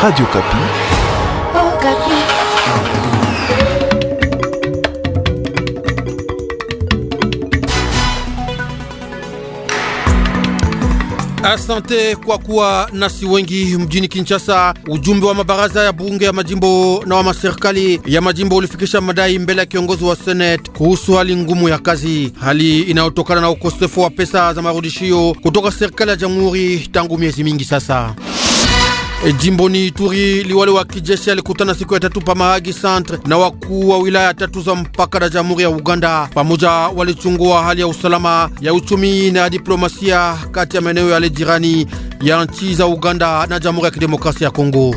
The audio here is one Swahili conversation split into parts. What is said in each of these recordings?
Radio Kapi. Oh, Kapi. Asante kwa kuwa nasi wengi mjini Kinshasa. Ujumbe wa mabaraza ya bunge ya majimbo na wa maserikali ya majimbo ulifikisha madai mbele ya kiongozi wa senate kuhusu hali ngumu ya kazi, hali inayotokana na ukosefu wa pesa za marudishio kutoka serikali ya jamhuri tangu miezi mingi sasa. E, jimboni Ituri, liwali wa kijeshi alikutana siku ya tatu pa Mahagi Centre na wakuu wa wilaya tatu za mpaka na Jamhuri ya Uganda. Pamoja walichungua hali ya usalama ya uchumi na ya diplomasia kati ya maeneo yale jirani ya nchi za Uganda na Jamhuri ya Kidemokrasia ya Kongo.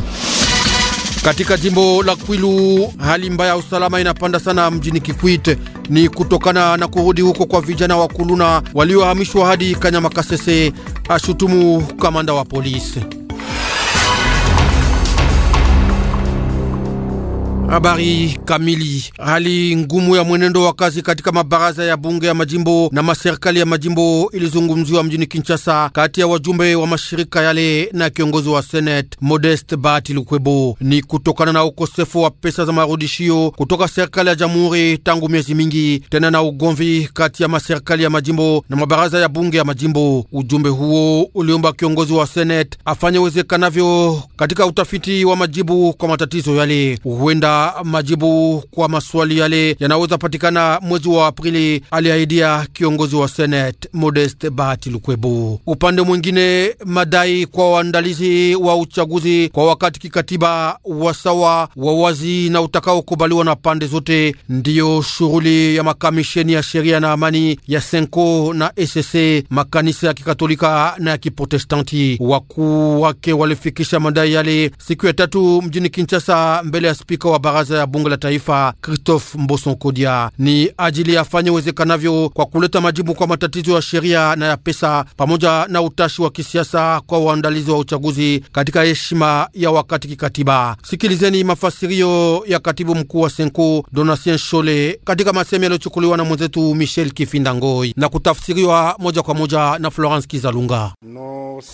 Katika jimbo la Kwilu hali mbaya ya usalama inapanda sana mjini Kikwit. Ni kutokana na kurudi huko kwa vijana wa kuluna waliohamishwa hadi Kanyamakasese, ashutumu kamanda wa polisi. Habari kamili. Hali ngumu ya mwenendo wa kazi katika mabaraza ya bunge ya majimbo na maserikali ya majimbo ilizungumziwa mjini Kinshasa kati ya wajumbe wa mashirika yale na kiongozi wa Senate Modeste Bahati Lukwebo. Ni kutokana na ukosefu wa pesa za marudishio kutoka serikali ya jamhuri tangu miezi mingi, tena na ugomvi kati ya maserikali ya majimbo na mabaraza ya bunge ya majimbo. Ujumbe huo uliomba kiongozi wa Senate afanye uwezekanavyo katika utafiti wa majibu kwa matatizo yale huenda majibu kwa maswali yale yanaweza patikana mwezi wa Aprili, aliahidia kiongozi wa Senate Modeste Bahati lukwebu Upande mwingine, madai kwa waandalizi wa uchaguzi kwa wakati kikatiba wasawa wa wazi na utakaokubaliwa na pande zote ndiyo shughuli ya makamisheni ya sheria na amani ya Senko na Esese, makanisa ya Kikatolika na ya Kiprotestanti. Wakuu wake walifikisha madai yale siku ya tatu mjini Kinshasa mbele ya spika wa baraza ya bunge la taifa Christophe Mboson Kodia ni ajili afanye uwezekanavyo kwa kuleta majibu kwa matatizo ya sheria na ya pesa pamoja na utashi wa kisiasa kwa uandalizi wa uchaguzi katika heshima ya wakati kikatiba. Sikilizeni mafasirio ya katibu mkuu wa senku Donatien Shole katika masemi yaliyochukuliwa na mwenzetu Michel Kifindangoi na kutafsiriwa moja kwa moja na Florence Kizalunga.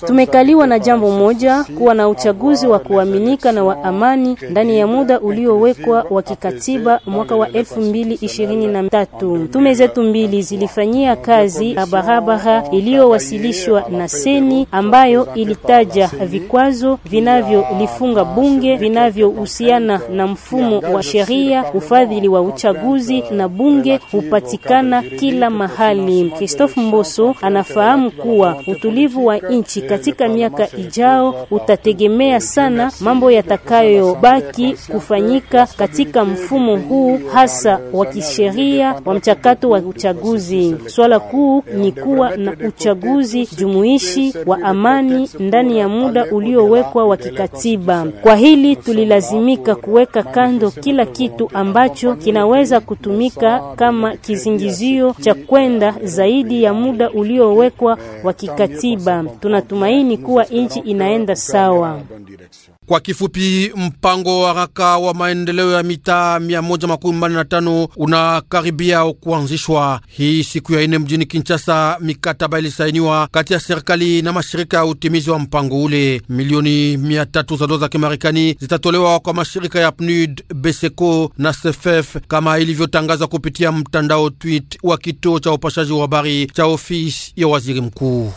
Tumekaliwa na jambo moja, kuwa na uchaguzi wa kuaminika na wa amani ndani ya muda ulio uliowekwa wa kikatiba mwaka wa elfu mbili ishirini na tatu. Tume zetu mbili zilifanyia kazi ya barabara iliyowasilishwa na Seni ambayo ilitaja vikwazo vinavyolifunga bunge vinavyohusiana na mfumo wa sheria, ufadhili wa uchaguzi na bunge hupatikana kila mahali. Christophe Mboso anafahamu kuwa utulivu wa nchi katika miaka ijao utategemea sana mambo yatakayobaki kufanyika kutumika katika mfumo huu hasa wa kisheria wa mchakato wa uchaguzi. Swala kuu ni kuwa na uchaguzi jumuishi wa amani ndani ya muda uliowekwa wa kikatiba. Kwa hili tulilazimika kuweka kando kila kitu ambacho kinaweza kutumika kama kizingizio cha kwenda zaidi ya muda uliowekwa wa kikatiba. Tunatumaini kuwa nchi inaenda sawa. Kwa kifupi, mpango wa haraka wa maendeleo ya mitaa 145 unakaribia kuanzishwa hii siku ya ine mjini Kinshasa. Mikataba ilisainiwa kati ya serikali na mashirika ya utimizi wa mpango ule. Milioni 300 za dola za Kimarekani zitatolewa kwa mashirika ya PNUD, BESECO na SEFEF kama ilivyotangazwa kupitia mtandao tweet wa kituo cha upashaji wa habari cha ofisi ya waziri mkuu.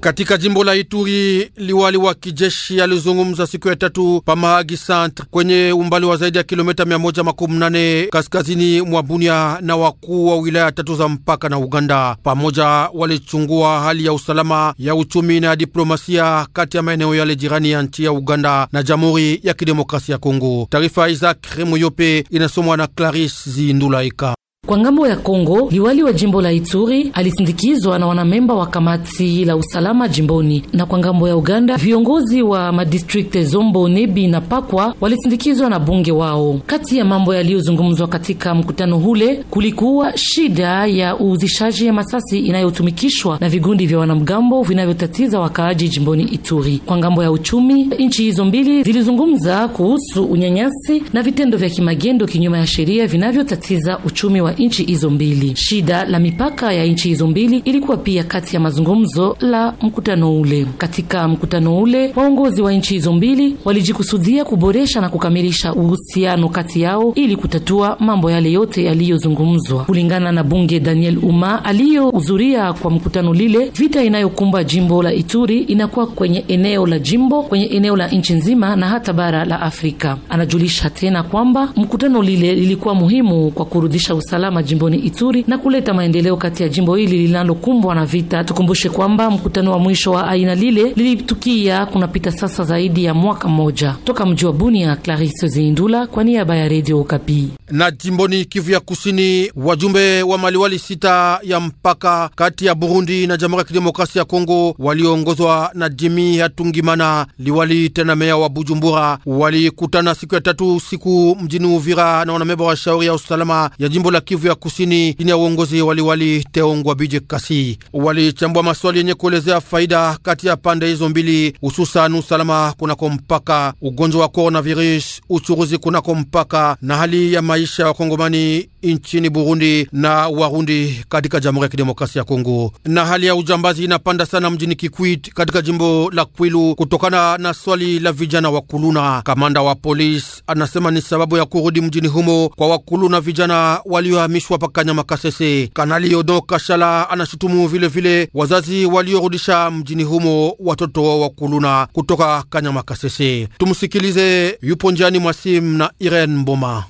Katika jimbo la Ituri, liwali wa kijeshi alizungumza siku ya tatu pa Mahagi Centre kwenye umbali wa zaidi ya kilomita 118 kaskazini mwa Bunia na wakuu wa wilaya tatu za mpaka na Uganda. Pamoja walichungua hali ya usalama ya uchumi na ya diplomasia kati ya maeneo yale jirani ya nchi ya Uganda na Jamhuri ya Kidemokrasia ya Kongo. Taarifa Isaac Remoyope inasomwa na Clarisse Zindulaika. Kwa ngambo ya Kongo, liwali wa jimbo la Ituri alisindikizwa na wanamemba wa kamati la usalama jimboni, na kwa ngambo ya Uganda viongozi wa madistrikte Zombo, Nebi na Pakwa walisindikizwa na bunge wao. Kati ya mambo yaliyozungumzwa katika mkutano hule, kulikuwa shida ya uuzishaji ya masasi inayotumikishwa na vigundi vya wanamgambo vinavyotatiza wakaaji jimboni Ituri. Kwa ngambo ya uchumi, nchi hizo mbili zilizungumza kuhusu unyanyasi na vitendo vya kimagendo kinyuma ya sheria vinavyotatiza uchumi wa nchi hizo mbili. Shida la mipaka ya nchi hizo mbili ilikuwa pia kati ya mazungumzo la mkutano ule. Katika mkutano ule, waongozi wa nchi hizo mbili walijikusudia kuboresha na kukamilisha uhusiano kati yao ili kutatua mambo yale yote yaliyozungumzwa. Kulingana na bunge Daniel Uma aliyohudhuria kwa mkutano lile, vita inayokumba jimbo la Ituri inakuwa kwenye eneo la jimbo, kwenye eneo la nchi nzima na hata bara la Afrika. Anajulisha tena kwamba mkutano lile lilikuwa muhimu kwa kurudisha usalama usalama jimboni Ituri na kuleta maendeleo kati ya jimbo hili linalokumbwa na vita. Tukumbushe kwamba mkutano wa mwisho wa aina lile lilitukia kunapita sasa zaidi ya mwaka mmoja. Toka mji wa Bunia, Clarisse Zindula kwa niaba ya Radio Okapi. Na jimboni Kivu ya Kusini, wajumbe wa maliwali sita ya mpaka kati ya Burundi na Jamhuri ya Kidemokrasia ya Kongo waliongozwa na Jimi Hatungimana, liwali tena meya wa Bujumbura, walikutana siku ya tatu siku mjini Uvira na wanamemba wa shauri ya usalama ya jimbo la Kivu Kivu ya Kusini chini ya uongozi waliwali Teongwa Bije Kasi walichambua maswali yenye kuelezea faida kati ya pande hizo mbili, hususan usalama kunako mpaka, ugonjwa wa coronavirus, uchuruzi kunako mpaka na hali ya maisha ya wakongomani nchini Burundi na Warundi katika Jamhuri ya Kidemokrasia ya Kongo, na hali ya ujambazi inapanda sana mjini Kikwit katika jimbo la Kwilu kutokana na swali la vijana wa kuluna. Kamanda wa polisi anasema ni sababu ya kurudi mjini humo kwa wakuluna vijana walio waliohamishwa pa Kanyama Kasese. Kanali Odo Kashala anashutumu vilevile wazazi waliorudisha mjini humo watoto wao wa kuluna kutoka Kanyama Makasese. Tumsikilize, yupo njiani mwa simu na Irene Mboma.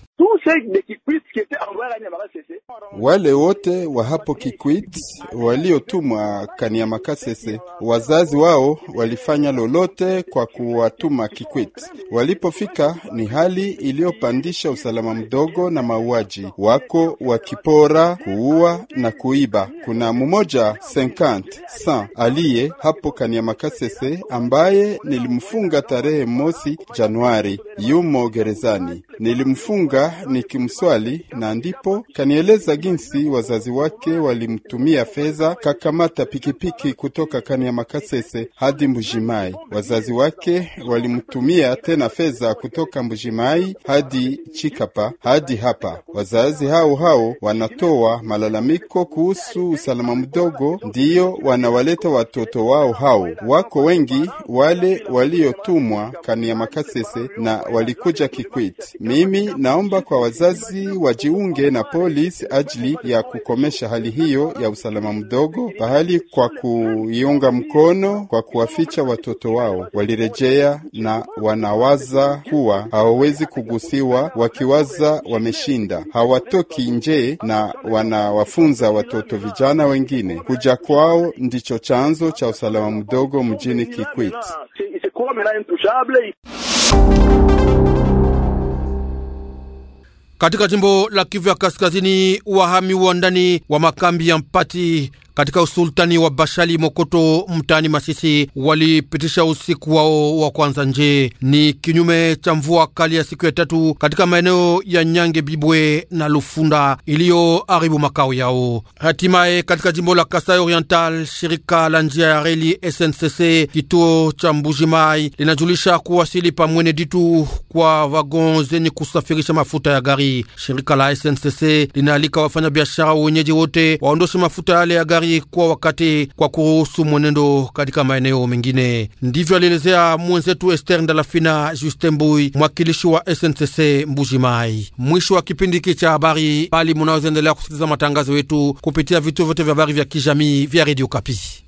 Wale wote wa hapo Kikwit waliotumwa Kasese, wazazi wao walifanya lolote kwa kuwatuma Kikwit. Walipofika ni hali iliyopandisha usalama mdogo na mauaji, wako wakipora, kuua na kuiba. Kuna mmoja 50 100 aliye hapo Kasese ambaye nilimfunga tarehe mosi Januari, yumo gerezani. Nilimfunga nikimswali, na ndipo kanieleza jinsi wazazi wake walimtumia fedha kakamata pikipiki kutoka makasese hadi Mbujimai. Wazazi wake walimtumia tena fedha kutoka Mbujimai hadi Chikapa hadi hapa. Wazazi hao hao wanatoa malalamiko kuhusu usalama mdogo, ndiyo wanawaleta watoto wao hao. Wako wengi wale waliotumwa kani ya makasese na walikuja kikwiti mimi naomba kwa wazazi wajiunge na polisi ajili ya kukomesha hali hiyo ya usalama mdogo pahali, kwa kuiunga mkono kwa kuwaficha watoto wao. Walirejea na wanawaza kuwa hawawezi kugusiwa, wakiwaza wameshinda, hawatoki nje na wanawafunza watoto vijana wengine. Kuja kwao ndicho chanzo cha usalama mdogo mjini Kikwit. katika jimbo la Kivu ya Kaskazini, wahami wa ndani wa makambi ya Mpati katika usultani wa Bashali Mokoto mtaani Masisi walipitisha usiku wao wa kwanza nje. Ni kinyume cha mvua kali ya siku ya tatu katika maeneo ya Nyange, Bibwe na Lufunda aribu makao yao. Hatimaye katika jimbo la Kasai Oriental, shirika la njia ya reli SNCC kituo cha mai linajulisha kuwasili pamwene ditu kwa vagon zenye kusafirisha mafuta ya gari. Shirika la SNCC linaalika wafanyabiashara wenyeji wote waondoshe mafuta yale ya gari tayari kwa wakati kwa kuruhusu mwenendo katika maeneo mengine. Ndivyo alielezea mwenzetu Ester Ndalafina Justembui, mwakilishi wa SNCC Mbuji Mai. Mwisho wa kipindi hiki cha habari, bali munaweza endelea kusikiliza matangazo yetu kupitia vituo vyote vya habari vya kijamii vya Radio Kapi.